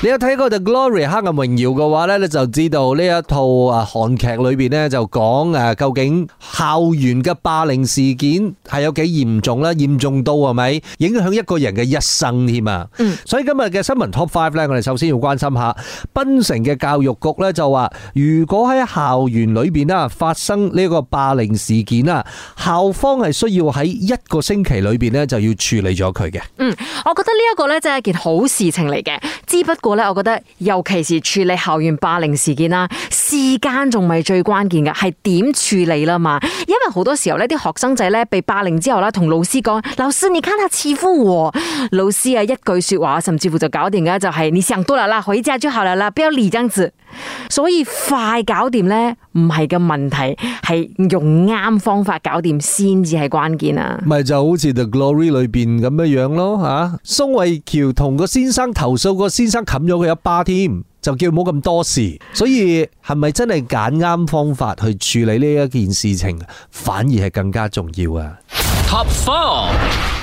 你有睇過《The Glory》黑暗榮耀嘅話咧，你就知道呢一套啊韓劇裏邊咧就講誒，究竟校園嘅霸凌事件係有幾嚴重啦？嚴重到係咪影響一個人嘅一生添啊？嗯，所以今日嘅新聞 Top Five 咧，我哋首先要關心一下，檳城嘅教育局咧就話，如果喺校園裏邊啦發生呢個霸凌事件啊，校方係需要喺一個星期裏邊咧就要處理咗佢嘅。嗯，我覺得呢一個咧就係一件好事情嚟嘅，只不過。我覺得尤其是處理校園霸凌事件啦，時間仲未最關鍵嘅，係點處理啦嘛？因為好多時候呢啲學生仔咧被霸凌之後咧，同老師講：老師，你看下，似乎我。老師啊，一句說話，甚至乎就搞掂嘅，就係、是、你想多啦啦，佢以借住下啦啦，不要力爭所以快搞掂咧，唔係嘅問題，係用啱方法搞掂先至係關鍵啊。咪就好似《The Glory》裏邊咁樣樣咯，吓，宋慧喬同個先生投訴個先生咁咗佢一巴添，就叫冇咁多事。所以係咪真係揀啱方法去處理呢一件事情，反而係更加重要啊？Top four，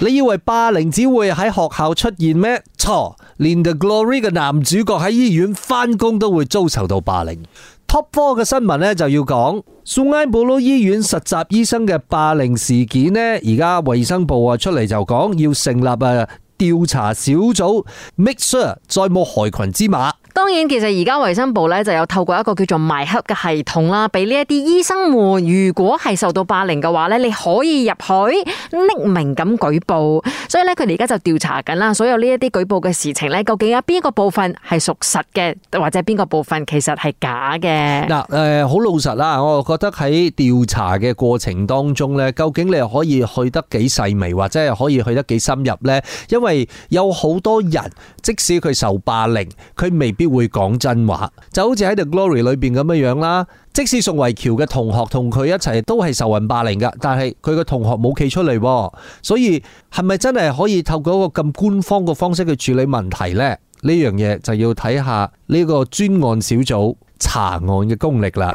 你以為霸凌只會喺學校出現咩？錯，連 The Glory 嘅男主角喺醫院翻工都會遭受到霸凌。Top four 嘅新聞呢，就要講，雙溪毛糯醫院實習醫生嘅霸凌事件呢，而家衛生部啊出嚟就講要成立啊。調查小組，make sure 再冇害群之馬。當然，其實而家衛生部咧就有透過一個叫做 MyHub 嘅系統啦，俾呢一啲醫生們，如果係受到霸凌嘅話咧，你可以入去匿名咁舉報。所以咧，佢哋而家就調查緊啦，所有呢一啲舉報嘅事情咧，究竟有邊個部分係屬實嘅，或者邊個部分其實係假嘅。嗱，誒，好老實啦，我又覺得喺調查嘅過程當中咧，究竟你又可以去得幾細微，或者係可以去得幾深入咧？因為有好多人，即使佢受霸凌，佢未必。會講真話，就好似喺 The Glory 裏邊咁樣樣啦。即使宋慧喬嘅同學同佢一齊都係受人霸凌噶但係佢個同學冇企出嚟，所以係咪真係可以透過一個咁官方嘅方式去處理問題呢？呢樣嘢就要睇下呢個專案小組查案嘅功力啦。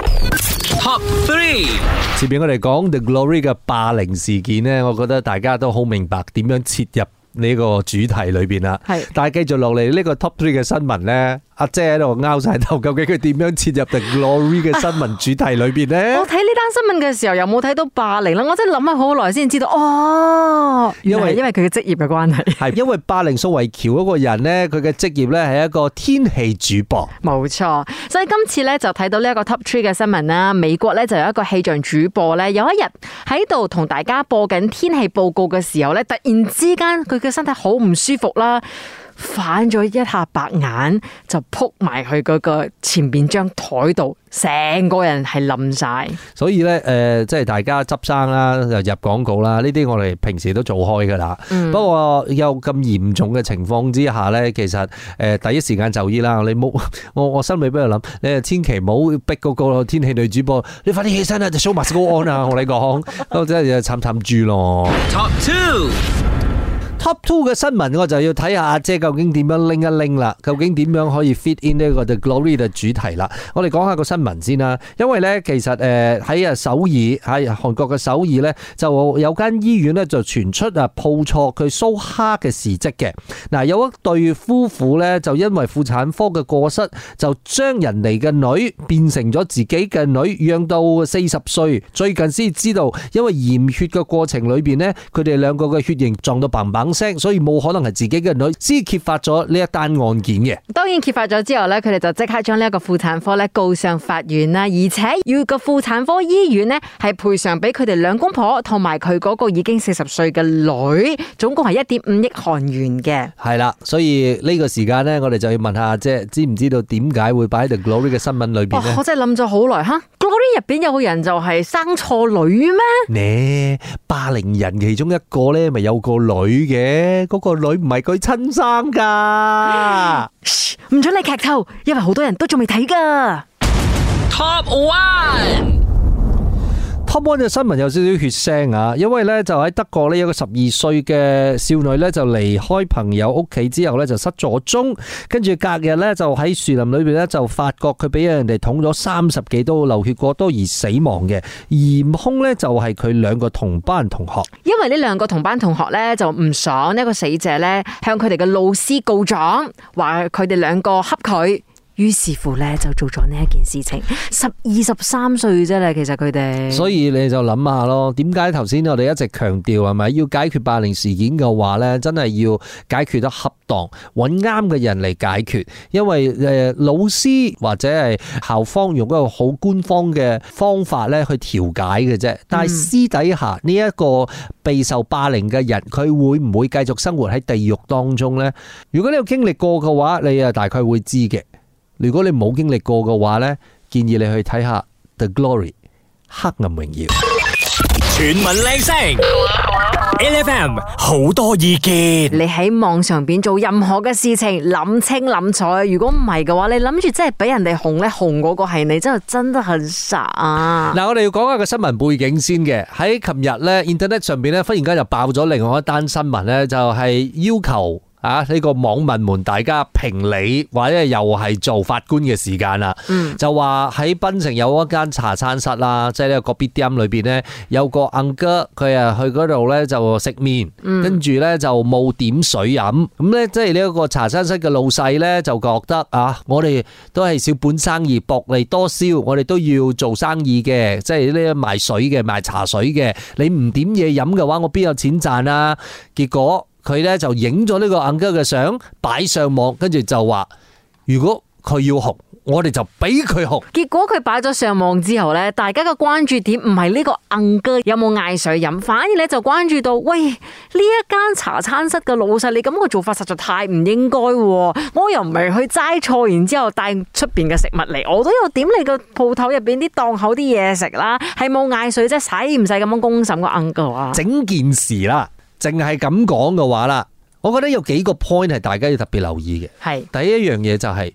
Top three，前面我哋講 The Glory 嘅霸凌事件呢，我覺得大家都好明白點樣切入呢個主題裏邊啦。係，但係繼續落嚟呢個 Top three 嘅新聞呢。阿姐喺度拗晒頭，究竟佢點樣切入 The Glory 嘅新聞主題裏邊呢？啊、我睇呢單新聞嘅時候，又冇睇到霸凌啦，我真係諗咗好耐先知道哦。因為因為佢嘅職業嘅關係，係因為霸凌蘇慧喬嗰個人呢，佢嘅職業呢係一個天氣主播，冇錯。所以今次呢就睇到呢一個 Top Three 嘅新聞啦。美國呢就有一個氣象主播呢，有一日喺度同大家播緊天氣報告嘅時候呢，突然之間佢嘅身體好唔舒服啦。反咗一下白眼就撲埋去嗰個前邊張台度，成個人係冧晒。所以咧，誒，即係大家執生啦，又入廣告啦，呢啲我哋平時都做開噶啦。不過有咁嚴重嘅情況之下咧，其實誒，第一時間就醫啦。你冇，我我心裏邊又諗，你千祈唔好逼嗰個天氣女主播，你快啲起身啦，就 show must go on 啊，我同你講，都真係慘慘住咯。Top Two。Top two 嘅新聞我就要睇下阿姐究竟點樣拎一拎啦，究竟點樣可以 fit in 呢個 The Glory 嘅主題啦？我哋講下個新聞先啦，因為呢，其實誒喺啊首爾喺韓國嘅首爾呢，就有間醫院呢，就傳出啊抱錯佢蘇蝦嘅事跡嘅，嗱有一對夫婦呢，就因為婦產科嘅過失，就將人哋嘅女變成咗自己嘅女，養到四十歲，最近先知道，因為驗血嘅過程裏邊呢，佢哋兩個嘅血型撞到棒棒。所以冇可能係自己嘅女，先揭發咗呢一單案件嘅。當然揭發咗之後咧，佢哋就即刻將呢一個婦產科咧告上法院啦，而且要個婦產科醫院咧係賠償俾佢哋兩公婆同埋佢嗰個已經四十歲嘅女，總共係一點五億韓元嘅。係啦，所以呢個時間呢，我哋就要問下，即係知唔知道點解會擺喺 The Glory 呢個新聞裏邊？我真係諗咗好耐吓。嗰啲入邊有個人就係生錯女咩？呢霸凌人其中一個咧，咪有個女嘅，嗰、那個女唔係佢親生噶。唔、嗯、唔準你劇透，因為好多人都仲未睇噶。Top one。啱啱嘅新聞有少少血腥啊，因為咧就喺德國呢有個十二歲嘅少女咧就離開朋友屋企之後咧就失咗蹤，跟住隔日咧就喺樹林裏邊咧就發覺佢俾人哋捅咗三十幾刀，流血過多而死亡嘅，疑凶咧就係佢兩個同班同學，因為呢兩個同班同學咧就唔爽呢個死者咧向佢哋嘅老師告狀，話佢哋兩個恰佢。於是乎咧，就做咗呢一件事情。十二十三歲啫咧，其實佢哋。所以你就諗下咯，點解頭先我哋一直強調係咪要解決霸凌事件嘅話咧，真係要解決得恰當，搵啱嘅人嚟解決。因為誒老師或者係校方用一個好官方嘅方法咧去調解嘅啫。但係私底下呢一個備受霸凌嘅人，佢會唔會繼續生活喺地獄當中呢？如果你有經歷過嘅話，你啊大概會知嘅。如果你冇經歷過嘅話咧，建議你去睇下《The Glory》《黑暗榮耀》。全民靚聲，LFM 好多意見。你喺網上邊做任何嘅事情，諗清諗楚。如果唔係嘅話，你諗住真係俾人哋紅咧，紅嗰個係你，真係真的很傻啊！嗱，我哋要講下個新聞背景先嘅。喺琴日咧，internet 上邊咧忽然間就爆咗另外一單新聞咧，就係要求。啊！呢個網民們，大家評理，或者又係做法官嘅時間啦。嗯，就話喺檳城有一間茶餐室啦，即係呢個 B d a m 裏邊呢，有個 uncle，佢啊去嗰度呢就食麵，跟住呢就冇點水飲。咁呢，即係呢個茶餐室嘅老細呢，就覺得啊，我哋都係小本生意，薄利多銷，我哋都要做生意嘅，即係呢賣水嘅，賣茶水嘅。你唔點嘢飲嘅話，我邊有錢賺啊？結果。佢咧就影咗呢個 Angela 嘅相擺上網，跟住就話：如果佢要紅，我哋就俾佢紅。結果佢擺咗上網之後咧，大家嘅關注點唔係呢個 Angela 有冇嗌水飲，反而咧就關注到：喂，呢一間茶餐室嘅老細，你咁嘅做法實在太唔應該。我又唔係去齋菜，然之後帶出邊嘅食物嚟，我都有點你個鋪頭入邊啲檔口啲嘢食啦。係冇嗌水啫，使唔使咁樣公審個 Angela？整件事啦。淨係咁講嘅話啦，我覺得有幾個 point 係大家要特別留意嘅。係是第一樣嘢就係、是，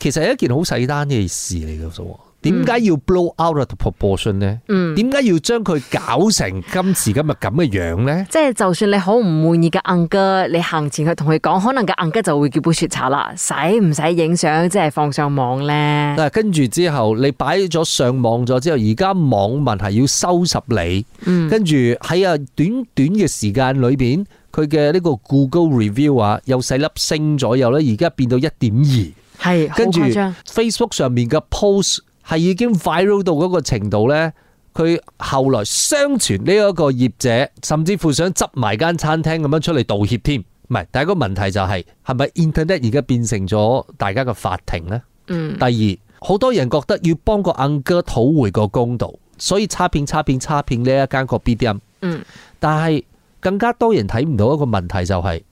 其實係一件好細單嘅事嚟嘅，點解要 blow out 個 proportion 呢？點解、嗯、要將佢搞成今時今日咁嘅樣，樣呢？即係就，就算你好唔滿意嘅 a 哥，你行前去同佢講，可能個 a 哥就會叫杯雪茶啦，使唔使影相即係放上網呢？啊、跟住之後你擺咗上網咗之後，而家網，網民係要收拾你。嗯、跟住喺啊短短嘅時間裏邊，佢嘅呢個 Google review 啊，有四粒星左右呢，而家變到一點二，係跟住 Facebook 上面嘅 post。係已經 viral 到嗰個程度呢，佢後來相傳呢一個業者，甚至乎想執埋間餐廳咁樣出嚟道歉添。唔係，第一個問題就係、是，係咪 internet 而家變成咗大家嘅法庭呢？嗯。第二，好多人覺得要幫個安哥討回個公道，所以差片差片差片呢一間個 BDM。嗯。但係更加多人睇唔到一個問題就係、是，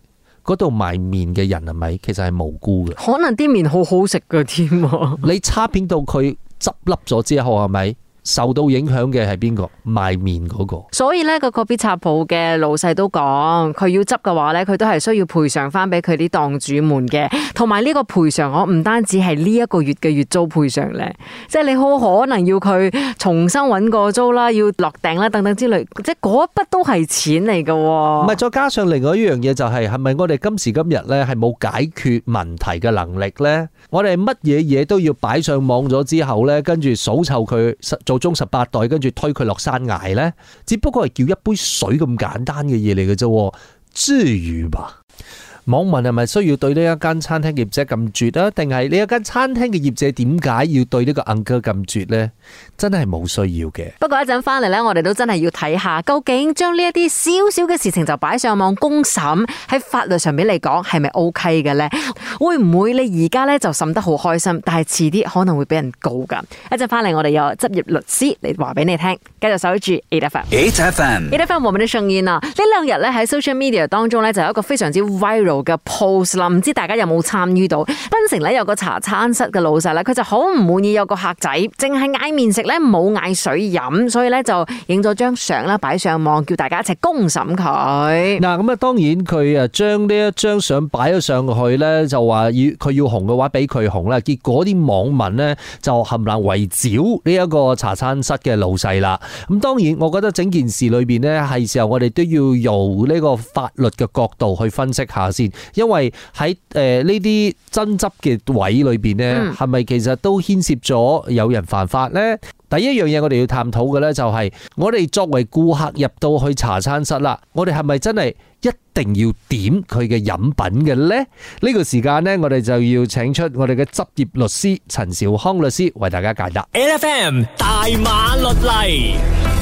嗰度賣麵嘅人係咪其實係無辜嘅？可能啲麵好好食嘅添。 你差片到佢。執笠咗之後，係咪？受到影響嘅係邊個？賣麵嗰個。所以咧，個個必插舖嘅老細都講，佢要執嘅話咧，佢都係需要賠償翻俾佢啲檔主們嘅。同埋呢個賠償，我唔單止係呢一個月嘅月租賠償咧，即係你好可能要佢重新揾個租啦，要落訂啦等等之類，即係嗰一筆都係錢嚟嘅。唔係，再加上另外一樣嘢就係，係咪我哋今時今日咧係冇解決問題嘅能力咧？我哋乜嘢嘢都要擺上網咗之後咧，跟住數湊佢實。到中十八代，跟住推佢落山崖呢，只不過係叫一杯水咁簡單嘅嘢嚟嘅啫，至於嘛？網民係咪需要對呢一間餐廳嘅業者咁絕啊？定係呢一間餐廳嘅業者點解要對呢個 uncle 咁絕呢？真係冇需要嘅。不過一陣翻嚟呢，我哋都真係要睇下，究竟將呢一啲小小嘅事情就擺上網公審，喺法律上面嚟講係咪 OK 嘅呢？會唔會你而家呢就審得好開心，但係遲啲可能會俾人告噶？一陣翻嚟，我哋有執業律師嚟話俾你聽。繼續守住 Eight FM，Eight FM，Eight FM 我們的盛宴啊！呢兩日呢，喺 social media 當中呢，就有一個非常之做嘅 pose 啦，唔知大家有冇參與到？檳城咧有個茶餐室嘅老細咧，佢就好唔滿意有個客仔，淨係嗌麵食咧，冇嗌水飲，所以咧就影咗張相啦，擺上網叫大家一齊公審佢。嗱，咁啊當然佢啊將呢一張相擺咗上去咧，就話要佢要紅嘅話俾佢紅啦。結果啲網民咧就冚唪唥圍剿呢一個茶餐室嘅老細啦。咁當然，我覺得整件事裏邊咧，係時候我哋都要由呢個法律嘅角度去分析下先。因為喺誒呢啲爭執嘅位置裏邊呢係咪其實都牽涉咗有人犯法呢？第一樣嘢我哋要探討嘅呢，就係我哋作為顧客入到去茶餐室啦，我哋係咪真係一定要點佢嘅飲品嘅呢？呢、呢個時間呢，我哋就要請出我哋嘅執業律師陳兆康律師為大家解答。LFM 大馬律例。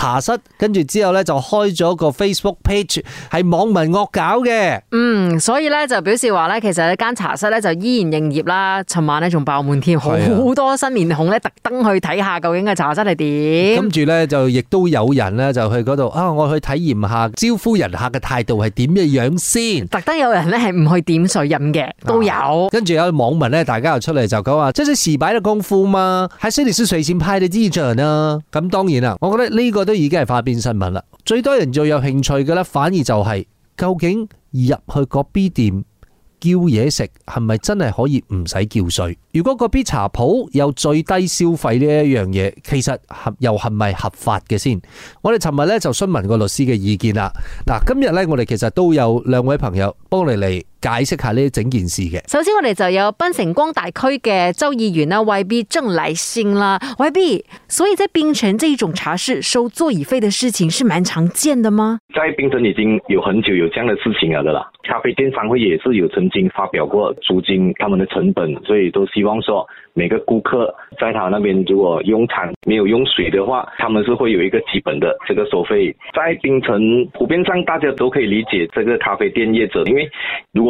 茶室跟住之後咧就開咗個 Facebook page，係網民惡搞嘅。嗯，所以咧就表示話咧，其實一間茶室咧就依然營業啦。尋晚咧仲爆滿添，好多新面孔咧特登去睇下究竟個茶室係點。跟住咧就亦都有人咧就去嗰度啊，我去體驗下招呼人客嘅態度係點嘅樣先。特登有人咧係唔去點水飲嘅都有。跟住、啊、有網民咧，大家又出嚟就講話：即是洗白嘅功夫嗎？還是你是水線派嘅記者啊。」咁當然啦，我覺得呢、這個。都已經係花邊新聞啦，最多人最有興趣嘅咧，反而就係、是、究竟入去個 B 店叫嘢食係咪真係可以唔使叫稅？如果個 B 茶鋪有最低消費呢一樣嘢，其實合又係咪合法嘅先？我哋尋日咧就詢問個律師嘅意見啦。嗱，今日咧我哋其實都有兩位朋友幫你嚟解釋一下呢整件事嘅。首先我哋就有檳城光大區嘅州議員啦，YB 鄭禮信啦，YB 所以在檳城這呢種茶室收座椅費的事情，是蠻常見的嗎？在檳城已經有很久有這樣的事情了啦。咖啡店商會也是有曾經發表過租金，他們的成本，所以都希望說每個顧客在他那邊如果用餐沒有用水的話，他們是會有一個基本的這個收費。在檳城普遍上，大家都可以理解，這個咖啡店業者，因為如果